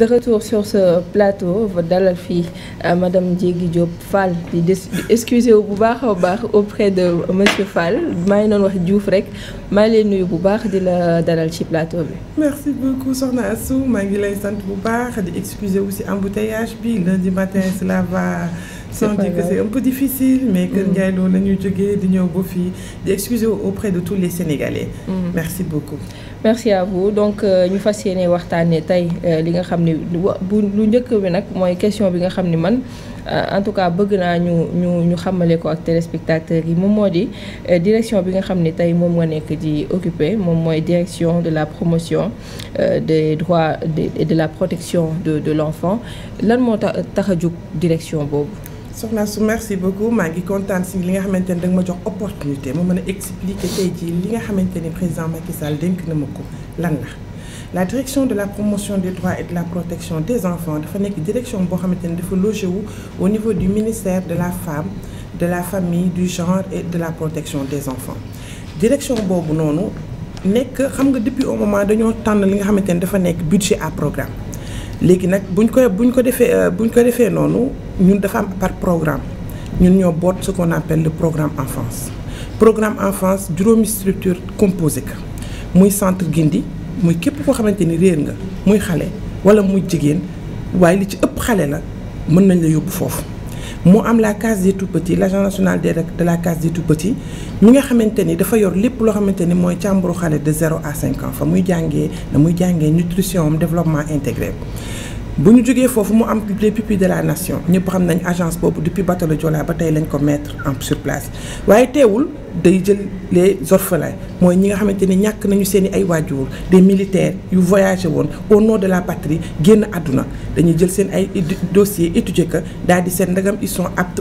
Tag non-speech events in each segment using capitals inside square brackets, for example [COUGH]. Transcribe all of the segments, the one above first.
de retour sur ce plateau dalal fii euh, madame Diégui Diop Fall di des wu bu baax a baax auprès de monsieur Fall maa ngi doon wax Diouf rek maa ngi lay nuyu bu baax di la dalal ci plateau bi. merci beaucoup soxna Assou maa ngi lay sant bu baax di excuser aussi embouteillage bi lundi matin cela va. c'est pas grave que c'est un peu difficile mais Kër mm. Ndiaye loolu la ñuy jógee di ñëw ba fii di excuser auprès de tous les Sénégalais. Mm. merci beaucoup. merci à vous donc euh, ñu fas yéene waxtaanee tey euh, li nga xam ni bu lu njëkk bi nag mooy question bi nga xam ni man euh, en tout cas bëgg naa ñu ñu ñu xamale ko ak téléspectateurs yi moom moo di direction bi nga xam ni tey moom nga nekk di occupé moom mooy direction de la promotion des droits et de la protection de de l'enfant lan moo tax tax a jóg direction boobu. soxna su merci beaucoup maa ngi kontaan si li nga xamante ne danga ma jox opportunité ma mën a expliquer tey jii li nga xamante ne président Macky Sall dénk na ma ko lan la. la direction de la promotion des droits et de la protection des enfants dafa nekk direction boo xamante ni dafa logé wu au niveau du ministère de la femme de la famille du genre et de la protection des enfants direction boobu noonu nekk xam nga depuis au moment dañoo tànn li nga xamante ni dafa nekk budget à programme. léegi nag buñ ko buñ ko defee euh, buñ ko defee noonu ñun dafa am par programme ñun ñoo boot ce qu'on appelle le programme enfance programme enfance juróomi structure composé ka muy centre Gindi muy képp koo xamante ni réer nga muy xale wala muy jigéen waaye li ci ëpp xale la mën nañ la yóbbu foofu mu am la case des tout petits l' agence nationale de la case des tout petits mi nga xamante ni dafa yor lépp loo xamante ni mooy càmburu xale de zéro à cinq ans fa muy jàngee na muy jàngee nutrition am développement bu ñu jógee foofu mu am les pupilles de la nation ñëpp xam nañ agence boobu depuis bateau le Joola ba tey lañ ko mettre en sur place waaye teewul day jël les orphelins mooy ñi nga xamante ni ñàkk nañu seen i ay waajur des militaires yu voyagé woon au nom de la patrie génn àdduna dañuy jël seen ay dossier étudier ko daal di seen ndegam ils sont aptes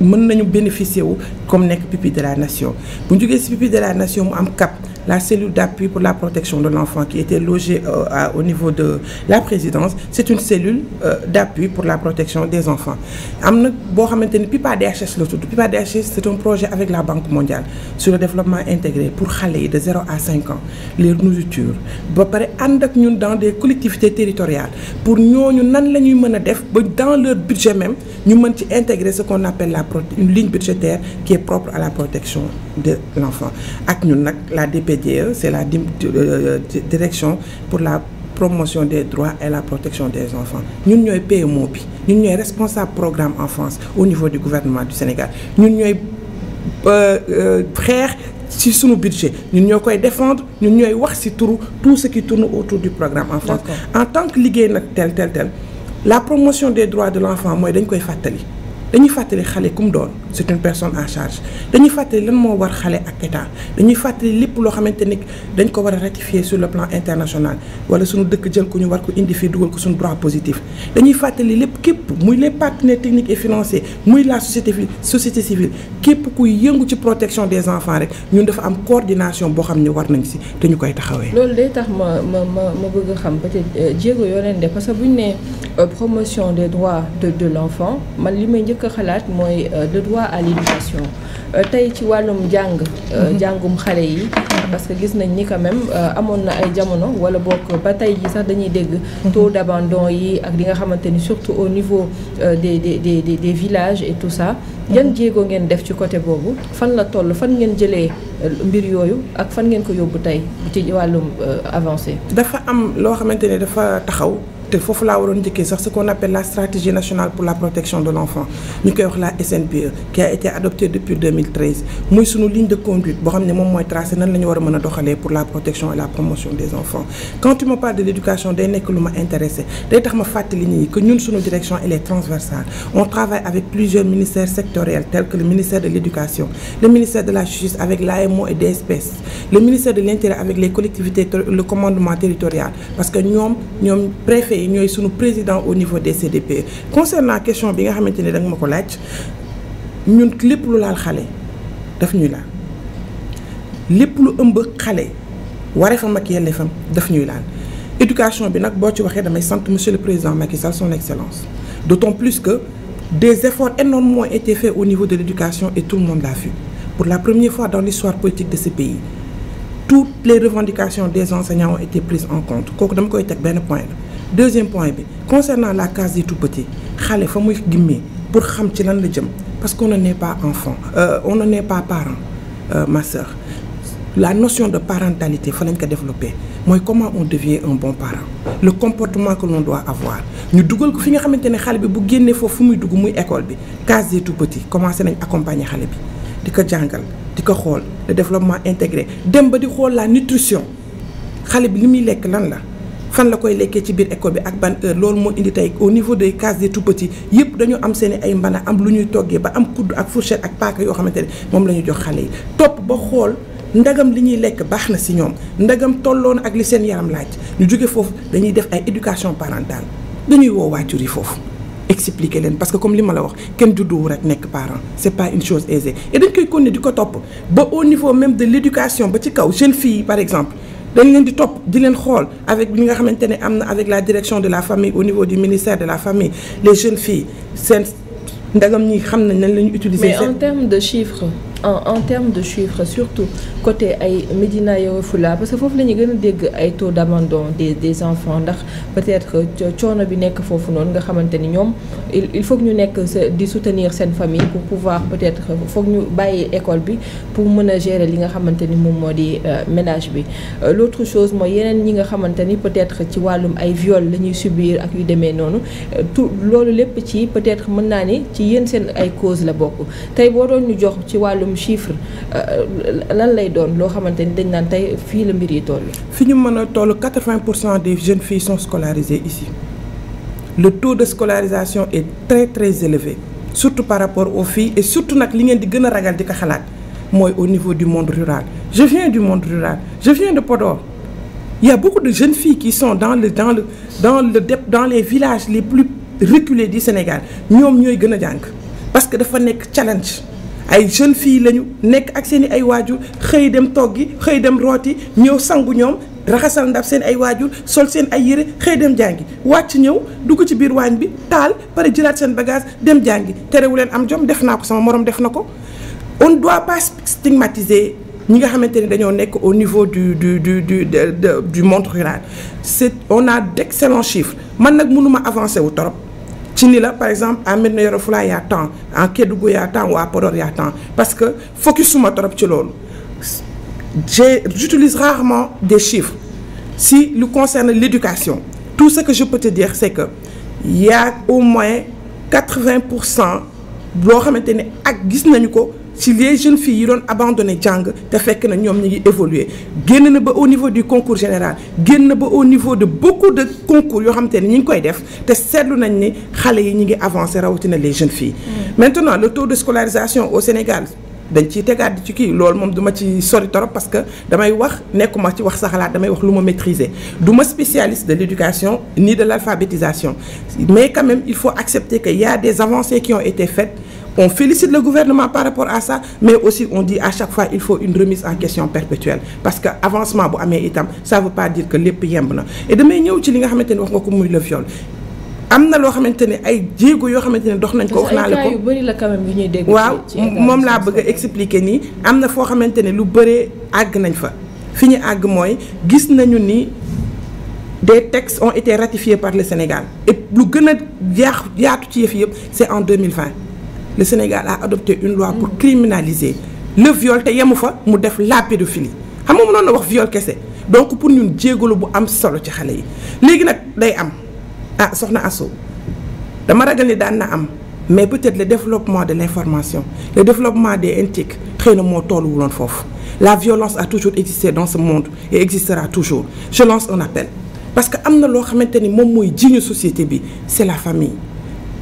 mën nañu bénéficier wu comme nekk pupille de la nation bu ñu jógee si pupille de la nation mu am cap la cellule d'appui pour la protection de l'enfant qui était logée euh, au niveau de la présidence c'est une cellule euh, d'appui pour la protection des enfants am na boo xamante ni PIPADHS la tudd PIPADHS c'est un projet avec la Banque mondiale sur le développement intégré pour xale yi de 0 à 5 ans les nourritures ba pare ànd ak ñun dans des collectivités territoriale pour ñoo ñu nan la ñuy mën a def ba dans leur budget même ñu mën ci intégrer ce qu'on la une ligne budgétaire à la protection de DPDE, euh, c'est la dim euh, euh, direction pour la promotion des droits et la protection des enfants ñun ñooy PMO bi ñun ñooy responsable programme en enfance au niveau du gouvernement du Sénégal ñun ñooy xeex ci sunu budget ñun ñoo koy défendre ñun ñooy wax ci turu tout ce qui tourne autour du programme enfance en tant que liggéey nag tel tel tel la promotion des droits de l'enfant mooy dañ koy fàttali dañuy fàttali xale kum doon c'est une personne en charge dañuy fàttali lan moo war xale ak état dañuy fàttali lépp loo xamante ni dañ ko war a ratifier sur le plan international wala suñu dëkk jël ko ñu war ko indi fii dugal ko suñu droit positif dañuy fàttali lépp képp muy les partenaires techniques et financiers muy la société société civile képp kuy yëngu ci protection des enfants rek ñun dafa am coordination boo xam ne war nañ si te ñu koy taxawee. loolu day tax ma ma ma ma bëgg xam peut-être euh, jéego yoo leen def parce que bu ñu nee euh, promotion des droits de de l'enfant njëkk xalaat mooy euh, droit à euh, tey ci wàllum jàng euh, mhm. jàngum xale yi parce que gis nañ ni quand même euh, amoon na ay jamono wala bokk ba tey ji sax dañuy dégg mhm. taux d'abandon yi ak li nga xamante ni surtout au niveau des des des des village et tout ça mhm. yan jéego ngeen def ci côté boobu fan la toll fan ngeen jëlee mbir yooyu ak fan ngeen ko yóbbu tey ci wàllum avancé dafa am loo xamante ne dafa taxaw te foofu laa waroon njëkkee sax ce qu'on appelle la stratégie nationale pour la protection de l'enfant ñu koy wax la SNPE qui a été adoptée depuis muy sunu ligne de conduite boo xam ne moom mooy tracé nan la war a mën a doxalee pour la protection et la promotion des enfants quand tu me parles de l'éducation day nekk lu ma intéressé day tax ma fàttali nit ñi que ñun sunu direction elle est transversale on travaille avec plusieurs ministères sectoriels tels que conseillers ñooy suñu président au niveau des CDP concernant question bi nga xamante ne danga ma ko laaj ñun lépp lu laal xale daf ñuy laal lépp lu ëmb xale wareefam ak yelleefam daf ñuy laal éducation bi nag boo ci waxee damay sant monsieur le président Macky Sall son excellence d'autant plus que des efforts énormes ont été faits au niveau de l'éducation et tout le monde l'a vu pour la première fois dans l'histoire politique de ce pays toutes les revendications des enseignants ont été prises en compte kooku dama koy teg benn point la deuxième point bi concernant la case des tout-petits xale fa muy gimmee pour xam ci lan la jëm parce que n'en ne pas enfant euh, on n'en est pas parent euh, la notion de parentalité fa lañ ko développer mooy comment on devient un bon parent le comportement que l'on doit avoir ñu dugal ko fi nga xamante ne xale bi bu génnee foofu fu muy dugg muy école bi case des tout-petits commencé nañ accompagner xale bi di ko jàngal di ko xool le développement intégré dem ba di xool la nutrition xale bi li muy lekk lan la fan la koy lekkee ci biir école bi ak ban heure loolu moo indi tey au niveau des cases des tout petits yëpp dañoo am seen i ay mbana am lu ñuy toggee ba am kudd ak fourchette ak paaka yoo xamante ne moom la ñu jox xale yi topp ba xool ndagam li ñuy lekk baax na si ñoom ndagam tolloon ak li seen yaram laaj ñu jóge foofu dañuy def ay éducation parentale dañuy woo waajur yi foofu expliquer leen parce que comme li ma la wax kenn judduwu rek nekk parent c'est pas une chose aisée et di ko topp au niveau même de l'éducation ba ci kaw jeune fille par exemple dañ leen di topp di leen xool avec li nga xamante ne am na avec la direction de la famille au niveau du ministère de la famille les jeunes filles seen ndagam ñi xam nañ nañ la ñu utiliser mais en termes de chiffres en en termes de chiffres surtout côté ay Médina Yoro Foulah parce que foofu la ñuy gën a dégg ay taux d'abandon des des enfants ndax peut-être euh, coono bi nekk foofu noonu nga xamante ni ñoom il faut ñu nekk di soutenir seen famille pour pouvoir peut-être euh, foog ñu bàyyi école bi pour mën a gérer li nga xamante ni moom moo di euh, ménage bi. l'autre chose mooy yeneen ñi nga xamante ni peut-être ci wàllum ay viol lañuy ñuy subir ak yu demee noonu tout loolu lépp ci peut-être mën naa ni ci yéen seen ay cause la bokk mbirum chiffre euh, lan lay doon loo xamante ni dañ naan tey fii la mbir yi toll. fii ñu mën a toll quatre-vingts pour cent des jeunes filles sont scolarisées ici le taux de scolarisation est très très élevé surtout par rapport au filles et surtout nag li ngeen di gën a ragal di ko xalaat mooy au niveau du monde rural je viens du monde rural je viens de Podor. Il y a de jeune fii kii sont dans le dans le dans le dans les villages les plus reculés di Sénégal ñoom ñooy gën a jàng parce ay jeunes filles lañu nekk ak seen i ay waajur xëy dem toggi xëy dem rooti ñëw sangu ñoom raxasal ndab seen ay waajur sol seen ay yére xëy dem jàngi wàcc ñëw dugg ci biir waañ bi taal pare jëlaat seen bagage dem jàngi terewu leen am jom def naa ko sama moroom def na ko on doit pas stigmatiser ñi nga xamante ni dañoo nekk au niveau du du du du du monde rural c'est on a d'excellents chiffres man nag mënuma avancer wu torop ci ni la par exemple à Médina Yoro Foulah y a temps en Kédougou y a temps ou à Podor y a parce que focus suma trop ci loolu j'ai j'utilise rarement des chiffres si lu concerne l'éducation tout ce que je peux dire c'est que y a au moins vingt pour cent loo xamante ne ak gis nañu ko ci les jeunes fii yi doon abandonné jàng te fekk na ñoom ñu ngi évoluer génn na ba au niveau du concours général génn na ba au niveau de beaucoup de concours yoo xam te ne ñu ngi koy def te seetlu nañ ni xale yi ñu ngi avancé rawatina les jeunes fii mm. maintenant le taux de scolarisation au Sénégal. dañ ciy tegaat di ci kii loolu moom duma ci sori torop parce que damay wax nekkuma ci wax sa xalaat damay wax lu ma maitriser du ma spécialiste de l'éducation ni de l'alphabétisation mais quand même faut accepter que y a des avancées qui On félicite le gouvernement par rapport à ça, mais aussi on dit à chaque fois il faut une remise en question perpétuelle parce que avancement bu amee itam ça veut pas dire que lépp yemb na damay ñëw ci li nga xamante ni wax nga ko muy le viol. am na loo xamante ne ay jéego yoo xamante ne dox nañ ko wax naa la ko waaw moom laa bëgg a expliquer nii am na foo xamante ne lu bëree àgg nañ fa fi ñu àgg mooy gis nañu ni des textes ont été ratifiés par le Sénégal et lu gën a yaax yaatu ci yëf yëpp c'est en 2020 le Sénégal a adopté une loi pour criminaliser le viol te yemu fa mu def la pédophilie xam nga mënoon la wax viol kese donc pour ñun jéegalu bu am solo ci xale yi léegi nag day am ah soxna Asso dama ragal ni daan na am mais peut-être le développement de l'information le développement des NTIC xëy na moo loon foofu la violence à toujours existé dans ce monde et existera toujours je parce que am na loo xamante ni moom mooy société bi c'est la famille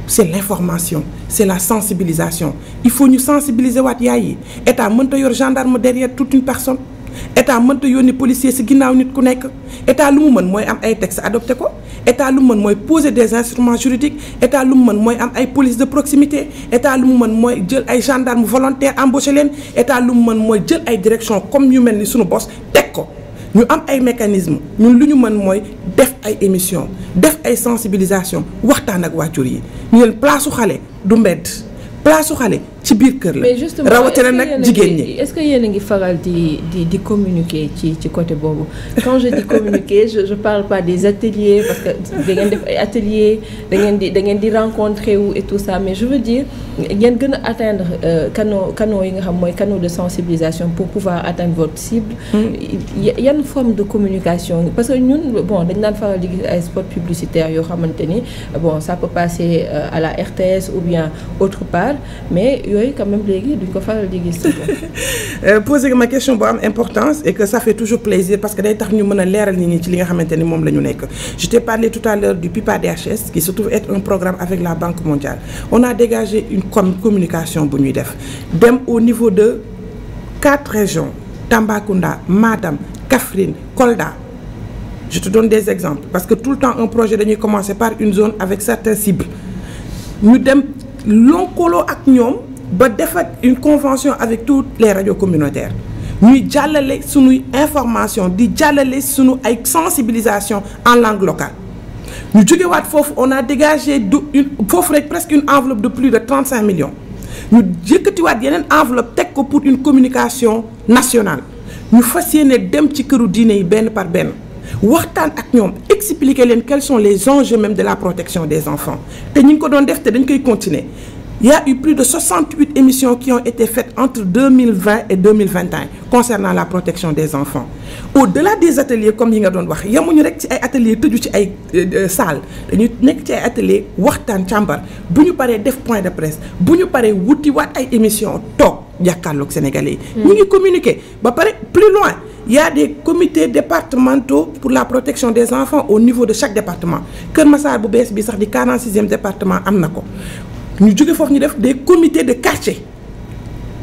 c'est l'information c'est la sensibilisation il faut ñu sensibiliser waat yaay yi état mënta yor gendarme derrière toute une personne état mënta yonni policier ci ginnaaw nit ku nekk état lu mu mën mooy am ay textes adopté ko état lu mu mën mooy poser des instruments juridiques état lu mu mën mooy am ay police de proximité état lu mu mën mooy jël ay gendarmes volontaires embauché leen état lu mu mën mooy jël ay directions comme yu mel ni sunu bos teg ko ñu am ay mécanismes ñun lu ñu mën mooy def ay émissions def ay sensibilisation waxtaan ak waajur yi ñu leen place su xale du mbedd place su xale ci biir kër la rawatina nag jigéen ñi est-ce que yéen a ngi faral di di di communiquer ci ci côté boobu quand je dis communiquer je parle pas des ateliers parce que da ngeen def ay ateliers da di da ngeen di rencontrer wu et tout ça mais je veux dire ngeen gën a atteindre euh, canaux canaux yi nga xam mooy canaux de sensibilisation pour pouvoir atteindre votre cible. Hmm. yan forme de communication parce que ñun bon dañ daan faral di gis ay spot publicitaire yoo xamante ni bon ça peut passer euh, à la RTS ou bien autre yooyu quand même léegi duñ ko faral di gis. [LAUGHS] Euh, poser ma question bu am importance et que ça fait toujours plaisir parce que day tax ñu mën a leeral nit ñi ci li nga xamante ni moom lañu ñu nekk. je t'ai parlé tout à l'heure du PIPA DHS qui se être un programme avec la Banque mondiale on a dégagé une communication bu ñuy def dem au niveau de quatre régions Tambacounda Matam Kaffrine Kolda. je te donne des exemples parce que tout le temps un projet dañuy commencer par une zone avec certaines cibles ñu dem lonkaloo ak ñoom ba defat une convention avec tout les radios communautaires ñuy jàllale suñuy information di jàllale suñu ay sensibilisation en langue locale ñu jógewaat foofu on a dégagé du foofu rek presque une enveloppe de plus de trente cinq millions ñu yëkkatiwaat yeneen enveloppe teg ko pour une communication nationale ñu fas yéene dem ci këru diine yi benn par benn waxtaan ak ñoom expliquer leen quels sont les enjeux même de la protection des enfants te ñu ngi ko doon def dañ koy continuer Il y eu plus de 68 émissions qui ont été faites entre 2020 et 2021 concernant la protection des enfants. Au-delà des ateliers comme yi nga doon wax yemuñu rek ci ay ateliers tëju ci ay euh, euh, salle dañu nekk ci ay ateliers waxtaan càmbar bu ñu paree def point de presse bu ñu paree wutiwaat ay émissions toog jàkkaarloog Sénégalais yi. Hmm. ñu ngi communiquer ba pare plus loin. Il y a des pour la protection des enfants au niveau de chaque département Kër Massar bu bees bi sax di 46 département am na ko ñu jóge foofu ñu def des comités de quartier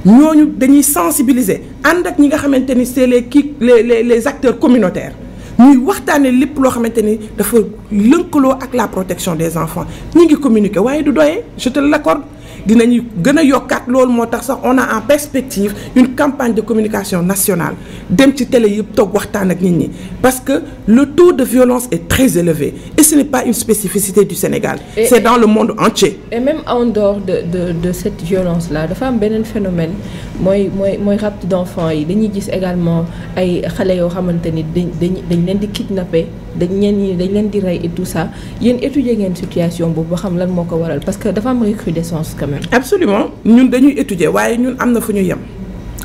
ñooñu dañuy sensibiliser ànd ak ñi nga xamante ni c'est les kii les les les acteurs communautaires ñuy waxtaanee lépp loo xamante ni dafa lënkaloo ak la protection des enfants ñu ngi communiquer waaye du doyee je te l'accorde dinañu gën a yokkat loolu moo tax sax on a en perspective une campagne de communication nationale dem ci télé yëpp toog waxtaan ak nit ñi parce que le taux de violence est très élevé et ce n'est pas une spécificité du Sénégal et, c'est dans le monde entier et même en dehors de de de cette violence là dafa am beneen phénomène mooy mooy mooy rapt d'enfants yi dañuy gis également ay xale yoo xamante ni dañ dañ dañ leen di kidnapper dañ ñeen ñi leen di rey et tout ça yéen étudier ngeen situation boobu ba xam lan moo ko waral parce que dafa am recrudescence quand même. absolument ñun dañuy étudier waaye ñun am na fu ñu yem.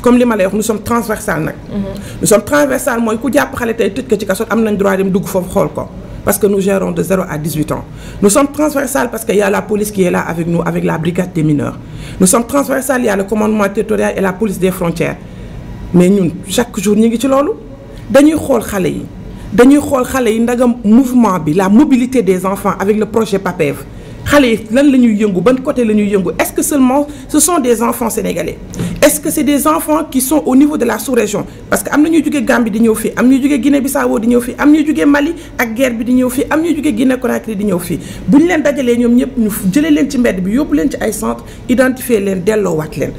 comme li ma lay wax nous sommes transversal nag. Mhm. nous sommes transversal mooy ku jàpp xale tey tëj ko ci kaso am nañ droit dem dugg foofu xool ko. parce que nous gérons de 0 à 18 ans. Nous sommes transversales parce qu'il y a la police qui est là avec nous, avec la brigade des mineurs. Nous sommes y a le commandement dañuy xool xale yi ndagam mouvement bi la mobilité des enfants avec le projet PAPEV xale yi lan la ñuy yëngu ban côté la ñuy yëngu est-ce que seulement ce son des enfants sénégalais est-ce que c'est des enfants qui sont au niveau de la sous-région parce que am na ñuy jógee Gambie di ñëw fii am ñuy jógee Guinée-Bissau di ñëw fii am ñuy jógee Mali ak guerre bi di ñëw fii am ñuy jógee Guinée-Conakry di ñëw fii bu ñu leen dajalee ñoom ñëpp ñu jële leen ci mbed bi yóbbu leen ci ay centre identifier leen delloowaat leen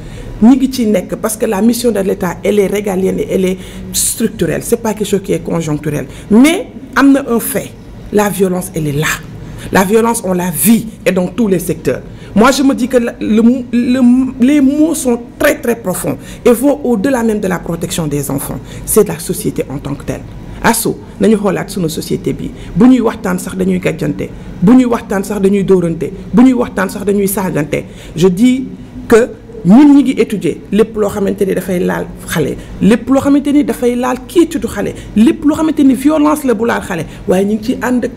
ñi ngi ciy nekk parce que la mission de l'État elle est régalienne et elle est structurelle c'est pas quelque chose qui est conjoncturel mais am na un fait la violence elle est là la violence on la vie et dans tous les secteurs moi je me dis que le, les mots sont très très profonds et vont au-delà même de la protection des enfants c'est de la société en tant que telle asso nañu xoolaat sunu société bi bu ñuy waxtaan sax dañuy gàjjante bu ñuy waxtaan sax dañuy dóorante bu ñuy waxtaan dañuy saagante je dis que ñun ñi ngi étudier lépp loo xamante ni dafay laal xale lépp loo xamante ni dafay laal kiitudu xale lépp loo xamante ni violence la bu laal xale waaye ñu ngi ci ànd ak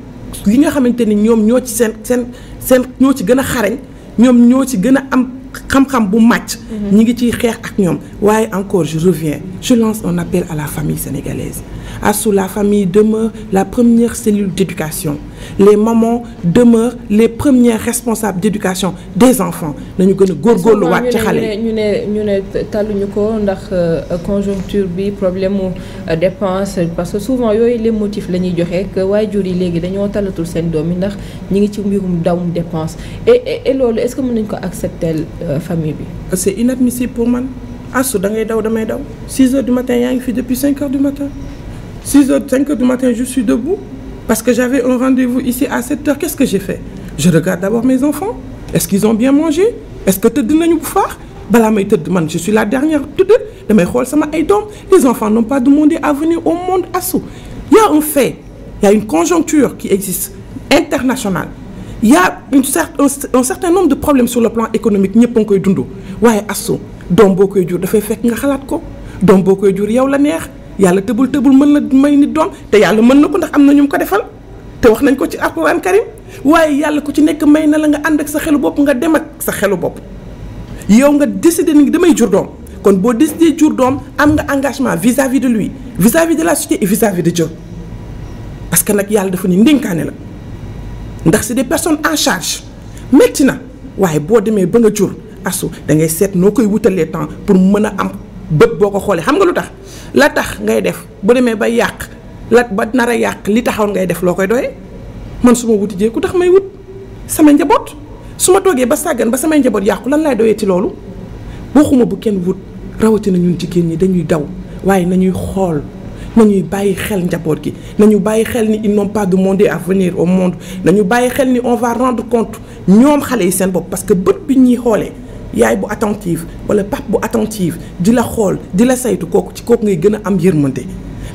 li nga xamante ni ñoom ñoo ci seen seen seen ñoo ci gën a xarañ ñoom ñoo ci gën a am xam-xam bu màcc. Mm-hmm. ñi ngi ciy xeex ak ñoom waaye encore je reviens je lance un appel à la famille sénégalaise. Assou, la famille demeure la première cellule d'éducation. Les mamans demeurent les premières responsables d'éducation des enfants. nañu gën a góor waat ci xale ñu ne ñu ne tàlluñu ko ndax euh, conjoncture bi problème mu euh, dépense parce que souvent yooyu les motifs la ñuy joxe que jur yi léegi dañoo tallatul seen doom yi ndax ñi ngi ci mbirum dawum dépense et et loolu est-ce que mën nañu ko accepter euh, famille bi. c'est inadmissible pour man Assou da ngay daw damay daw 6 heures du matin yaa ngi fi depuis 5 heures 6 heures cinq heures du matin je suis debout parce que j'avais un rendez-vous ici à 7 heures qu'est-ce que j'ai fait je regarde d'abord mes enfants est-ce qu'ils ont bien mangé est-ce que tëdd nañu bu faax balaa may tëdd man je suis la dernière tëdd damay xool sama ay doom les enfants n'ont pas demandé à venir au monde assu il a un fait il y a une conjoncture qui existe internationale il y a une cer un, un certain nombre de problèmes sur le plan économique ñëpp koy dund waaye assu doom boo koy jur dafay fekk nga xalaat ko doom boo koy jur yow la neex yàlla tëbul tëbul mën na may nit doom te yàlla mën na ko ndax am na ñu mu ko defal te wax nañ ko ci alquran karim waaye yàlla ku ci nekk may na la nga ànd ak sa xelu bopp nga dem ak sa xelu bopp yow nga décider ni damay jur doom kon boo décider jur doom am nga engagement vis-à-vis de lui vis-à-vis de la société et vis-à-vis de Dieu parce que nag yàlla dafa ni ndénkaane la ndax c'est des personnes en charge metti na waaye boo demee ba nga jur asu da ngay seet noo koy wutalee temps pour mën a am bët boo ko xoolee xam nga lu tax la tax ngay def bu demee ba yàq la ba nar a yàq li taxawoon ngay def loo koy doyee man su ma wuti jee ku tax may wut sama njaboot su ma toogee ba sàggan ba samay njaboot yàqu lan laay doyee ci loolu waxuma bu kenn wut rawatina ñun jigéen ñi dañuy daw waaye nañuy xool nañuy bàyyi xel njaboot gi nañu bàyyi xel ni ils n'ont pas demandé à venir au monde nañu bàyyi xel ni on va rendre compte ñoom xale yi seen bopp parce que bët bi ñuy xoolee. yaay bu attentive wala pap bu attentive di la xool di la saytu kooku ci kooku ngay gën a am yërmante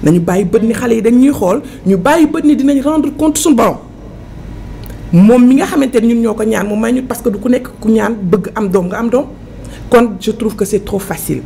nañu bàyyi bët ni xale yi dañ ñuy xool ñu bàyyi bët ni dinañ rendre compte suñu borom moom mi nga xamante ni ñun ñoo ko ñaan mu may ñu parce que du ku nekk ku ñaan bëgg am doom nga am doom kon je trouve que c'est trop facile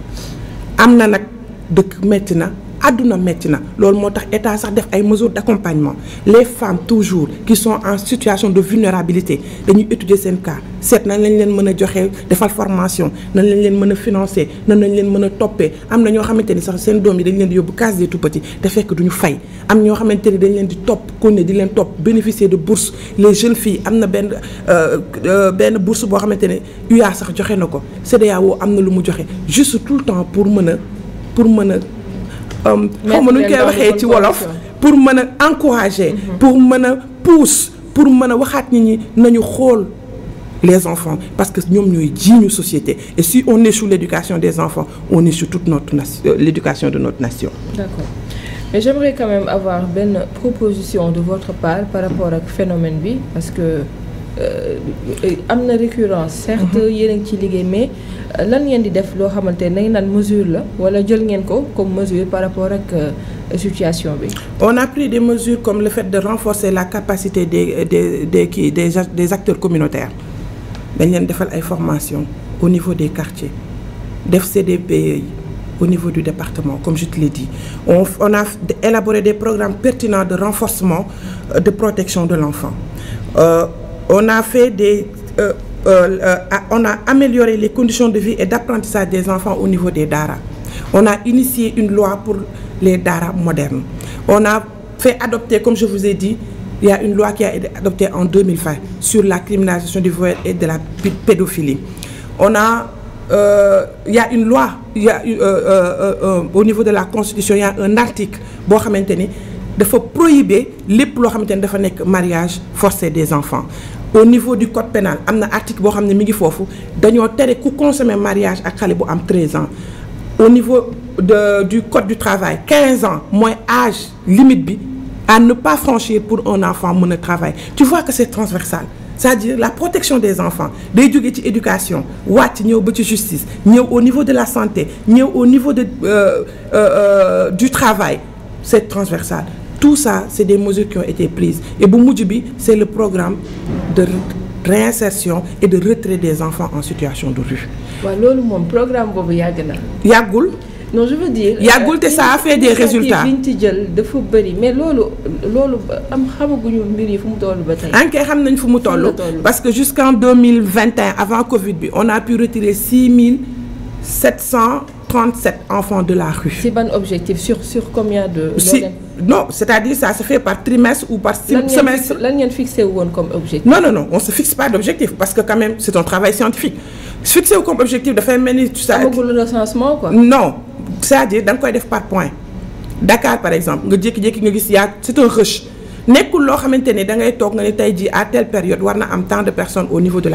am na nag dëkk metti na àdduna metti na loolu moo tax état sax def ay mesures d'accompagnement les femmes toujours qui sont en situation de vulnérabilité dañuy étudier seen cas seet nañ lañ leen mën a joxe defal formation nañ leen leen mën a financer nañ leen mën a toppee am na ñoo xamante ni sax seen doom yi dañ leen di yóbbu case des tout-petits te fekk duñu fay am ñoo xamante ni dañ leen di topp kon di leen topp bénéficier de bourse les jeunes fii am na benn euh, euh, benn bourse boo xamante ne UA sax joxe na ko CEDEAO am na lu mu joxe juste tout le temps pour mën a pour mën a xaw ma nu ñu koy waxee ci wolof pour mën a encourager mhm. pour mën a pousse pour mën a waxaat nit ñi nañu xool les enfants parce que ñoom ñooy ñu société et si on échoue l'éducation des enfants on échoue toute not nation euh, l'éducation de notre nation d'accord mais j'aimerais quand avoir benn proposition de votre part par rapport ak phénomène bi parce que Euh, am na récurrence certes mhm. yéen a ngi ciy liggéey mais euh, lan ngeen di def loo xamante ne naan mesure la wala jël ngeen ko comme mesure par rapport ak euh, situation bi. on a pris des mesures comme le fait de renforcer la capacité des des des kii des des acteurs communautaires dañ leen defal ay formations au niveau des quartiers def CDPE yi au niveau du département comme je te l'ai dit on on a élaboré des programmes pertinents de renforcement de protection de l'enfant. Euh, on a fait des euh, euh, euh, on a amélioré les conditions de vie et d'apprentissage des enfants au niveau des daara on a initié une loi pour les daara modernes on a fait adopter comme je vous ai dit il y a une loi qui a été adoptée en sur la criminalisation du viol et de la pédophilie on a euh, a une loi au niveau de la constitution il un article boo xamante ni dafa prohiber lépp loo xamante ne dafa nekk mariage forcé des enfants au niveau du code pénal am na article boo xam ne mi ngi foofu dañoo tere ku consommer mariage ak xale bu am 13 ans au niveau de du code du travail 15 ans mooy âge limite bi à ne pas franchir pour un enfant mën a travail tu vois que c'est transversal c'est-à-dire la protection des enfants day jóge ci éducation wàcc ñëw ba ci justice ñëw au niveau de la santé ñëw au niveau de euh, euh, euh, du travail tout ça c'est des mesures qui ont été prises et bu mujj bi c'est le programme de réinsertion et de retrait des enfants en situation de rue. waaw loolu moom programme boobu yàgg na. yàggul. non je veux yàggul te euh, ça a des résultats ci jël dafa bëri mais loolu loolu am xamaguñu mbir yi fu mu toll ba tey. ankay xam nañ fu mu toll. parce que jusqu'en deux mille vingt et un avant Covid bi on a pu retirer six mille sept cent. 37 enfants de la rue. C'est bon objectif sur sur combien de. Si, non c'est-à-dire ça se fait par trimestre ou par semestre. lan ngeen fixé woon on se fixe pas d'objectif parce que c'est un travail scientifique fixé comme objectif dafay mel ni. ça amagul recensement quoi. non c'est-à-dire da nga koy def par point Dakar par exemple nga jékki-jékki nga gis yaa c'est un rush. nekkul loo xamante ni da ngay toog nga ne tey jii à telle période war na am tant de personnes au niveau de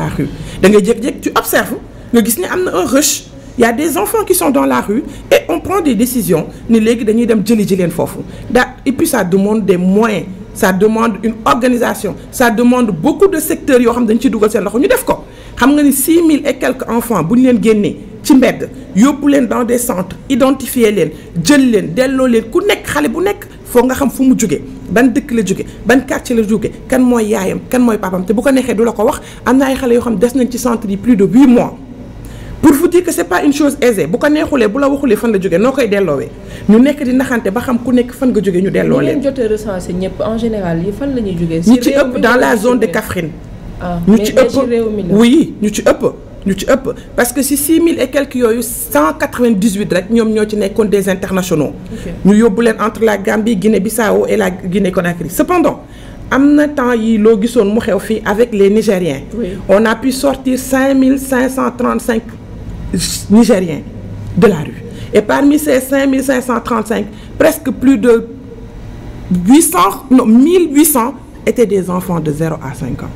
y des enfants qui sont dans la rue et on prend des décisions ni léegi dañuy dem jëli ji leen foofu daa et puis ça demande des moyens sa demande une organisation sa demande beaucoup de secteur yoo xam dañu ci dugal seen loxo ñu def ko xam nga ni six mille et quelques enfants bu ñu leen génnee ci mbedd yóbbu leen dans de centres identifier leen jël leen delloo leen ku nekk xale bu nekk foo nga xam fu mu jógee ban dëkk la jóge ban quartier la jóge kan mooy yaayam kan mooy papam te bu ko neexee du la wax am na ay xale yoo xam des nañ ci centre yi de huit mois pour vous dire que c'est pas une chose aisée bu ko neexulee bu la waxulee fan la jógee noo koy delloowee ñu nekk di naxante ba xam ku nekk fan nga jógee ñu delloo leen. ñi ngeen ñëpp en général yi fan la ñuy jógee. ñu ci ëpp dans la zone de Kaffrine. Ah, ñu ci ëpp oui ñu ci ëpp. ñu ci ëpp parce que ci si 6000 et quelques yooyu 198 rek ñoom ñoo ci nekkoon des internationaux. ñu yóbbu leen entre la Gambie Guinée Bissau et la Guinée Conakry cependant. am na temps yi loo gisoon mu xew fii avec les Nigériens. Oui. on a pu sortir 5535. Nigériens de la rue. Et parmi ces 5535, presque plus de 800, non, 1800 étaient des enfants de 0 à 5 ans.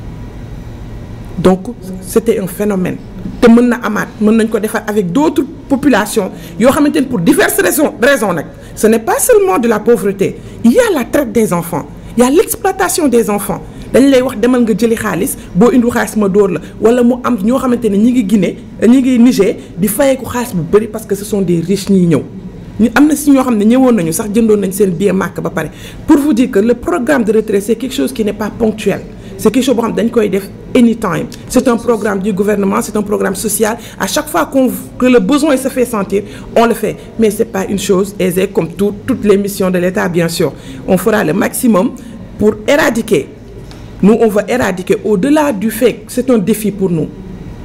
Donc, c'était un phénomène. te mën na amaat mën nañ ko defar avec d'autres populations yoo xamante ne pour diverses raisons raisons nag ce n'est pas seulement de la pauvreté il y a la traite des enfants il y a l'exploitation des enfants dañu lay wax demal nga jëli xaalis boo indi xaalis ma dóor la wala mu am ñoo xamante ne ñi ngi gine ñi ngi Niger di fayeeku xaalis bu bëri parce que ce sont des riches ñiy ñëw ñu am na si ñoo xam ne ñëwoon nañu sax jëndoon nañ seen billet màkk ba pare pour vous dire que le programme de retraite c'est quelque chose qui n'est pas ponctuel c'est quelque chose boo xam dañ koy def anytime c'est un programme du gouvernement c'est un programme social à chaque le besoin se fait sentir on le fait mais c'est pas une chose aisée nous on va éradiquer au-delà du fait que c'est un défi pour nous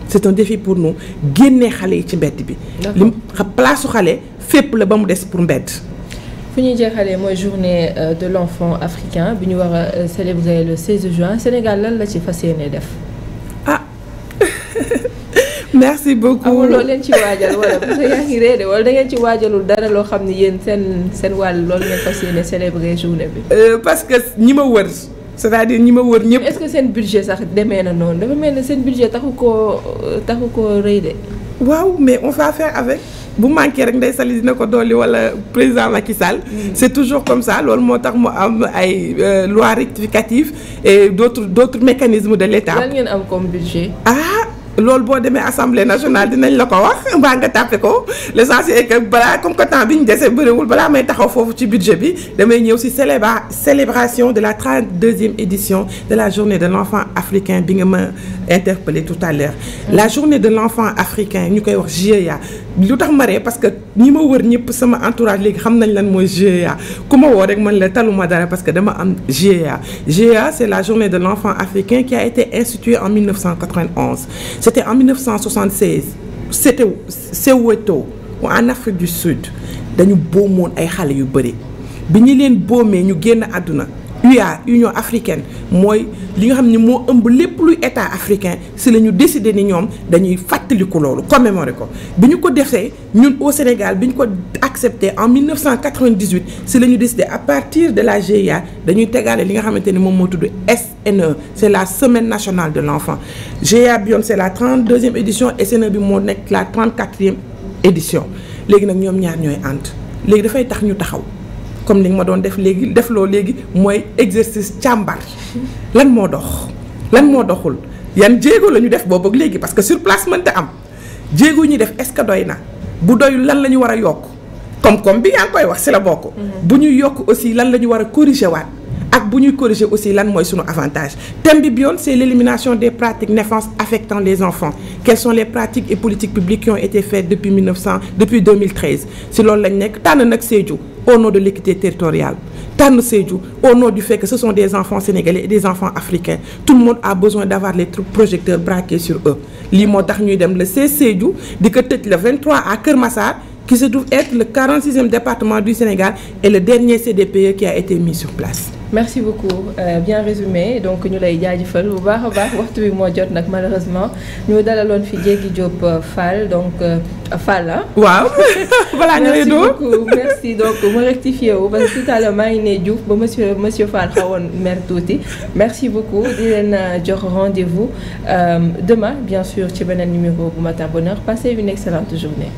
c'est un défi pour nous génne xale yi ci mbedd bi. lim place su xale fépp la ba mu des pour mbedd. fu ñuy jeexalee mooy journée euh, de l'enfant africain bi ñu war a euh, célébrer le 16 juin Sénégal lan la ci fas yéene def. ah [LAUGHS] merci beaucoup amul loo leen ci waajal wala parce que yaa ngi réeré wala da ngeen ci waajalul dara loo xam ne yéen seen seen wàll lool ngeen fas yéene célébrer journée bi. Euh, parce que ñi ma wër. cest a dire ñi ma wër ñëpp. est-ce que seen budget sax demee na noonu dafa mel ne seen budget taxu ko taxu ko rey de. waaw mais on va faire avec bu manqué rek Ndeye Saly dina ko dolli wala président Macky Sall. Hmm. c'est toujours comme ça loolu moo tax mu am ay euh, loi rectificatives e d'autres d'autres mécanisme de l'État. lan ngeen am comme budget. ah. loolu boo demee assemblée nationale dinañ la ko wax mbaa nga tàppe ko l'essentiel est que balaa comme que temps bi ñu dese bëriwul balaa may taxaw foofu ci budget bi damay ñëw si célébra célébration de la 32e édition de la journée de l'enfant africain bi nga ma interpellé tout à l'heure mm. la journée de l'enfant africain ñu koy wax GIA e lu tax ma ree parce que ñi ma wër ñëpp sama entourage léegi xam nañ lan mooy GIA e ku ma woo rek man la taluma dara parce que dama am GIA e GIA c'est la journée de l'enfant africain qui a C'était en 1976 c'était Soweto en Afrique du Sud dañu boomoon ay xale yu bëri bi ñu leen boomee ñu génn àdduna UA Union africaine mooy li nga xam ne moo ëmb lépp luy état africain si la ñu décidé ni ñoom dañuy fàttaliku loolu commémorer ko bi ñu ko defee ñun au Sénégal bi ñu ko accepté en 1998 si la ñu décidé à partir de la GIA dañuy tegaale li nga xamante ni moom moo tudd SNE c'est la semaine nationale de l'enfant GIA bi yoon c'est la 32e édition SNE bi moo nekk la 34e édition léegi nag ñoom ñaar ñooy ànd léegi dafay tax ñu taxaw comme ni nga ma doon def léegi def loo léegi mooy exercice càmbar lan moo dox lan moo doxul yan jéego la ñu def boobu ak léegi parce que sur place mënta am jéego ñu def est-ce que doy na bu doyul lan la ñu war a yokk koom-koom bi yaa ngi koy wax si la bokk. Mm-hmm. bu ñuy yokk aussi lan la ñu war a corriger waat. ak bu ñuy corriger aussi lan mooy suñu avantage thème bi biyoon c'est l'élimination des pratiques néfastes affectant les enfants quelles sont les pratiques et politiques publiques qui ont été faites depuis 1900 depuis 2013 si loolu lañ nekk tànn nag Sédhiou au nom de l'équité territoriale tànn Sédhiou au nom du fait que ce sont des enfants sénégalais et des enfants africains tout le monde a besoin d'avoir les projecteurs braqués sur eux lii moo tax ñuy dem le 16 di ko tëj le à Kër Massar qui se trouve e département du Sénégal et le dernier CDPE merci beaucoup euh, bien résumé donc ñu lay jaajëfal bu baax a baax waxtu wi moo jot nag malheureusement ñu dalaloon fi Diégui Diop euh, Fall donc euh, Fall ah. waaw [LAUGHS] merci beaucoup merci donc ma rectifié wu parce que tout à l'heure maa ngi ne Diouf ba monsieur monsieur Fall xawoon mer tuuti merci beaucoup di leen euh, jox rendez-vous euh, demain bien sûr ci beneen numéro bu Matin Bonheur passez une excellente journée.